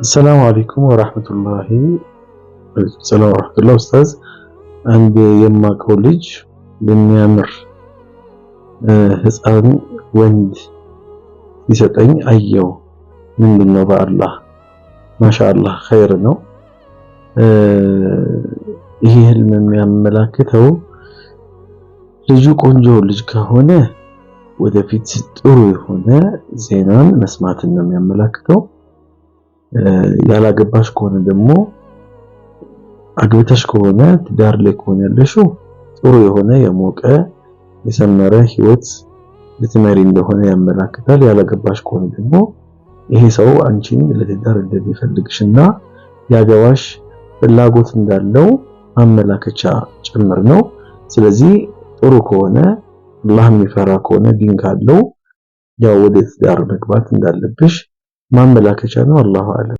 السلام عليكم ورحمة الله السلام ورحمة الله أستاذ عند يما كوليج بنيامر آه، هسأل وند يسألني أيو من دنو بقى الله ما شاء الله خير نو أه هي الممياء ملاكته لجو كونجو لجكا هنا وإذا في تسترو هنا زينان نسمات الممياء ملاكته ያላገባሽ ከሆነ ደግሞ አግብተሽ ከሆነ ትዳር ላይ ከሆነ ያለሽው ጥሩ የሆነ የሞቀ የሰመረ ህይወት ልትመሪ እንደሆነ ያመላክታል። ያላገባሽ ከሆነ ደግሞ ይሄ ሰው አንቺን ለትዳር እንደሚፈልግሽና ያገባሽ ፍላጎት እንዳለው ማመላከቻ ጭምር ነው። ስለዚህ ጥሩ ከሆነ አላህ የሚፈራ ከሆነ ዲን ካለው ያው ወደ ትዳር መግባት እንዳለብሽ ማመላከቻ ነው። አላሁ አለም